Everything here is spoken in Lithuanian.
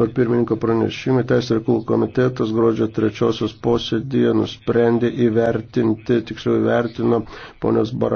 Nors pirmininko pranešimai, Teisės reikalų komitetas gruodžio trečiosios posėdėje nusprendė įvertinti, tiksliau įvertino ponios Baran.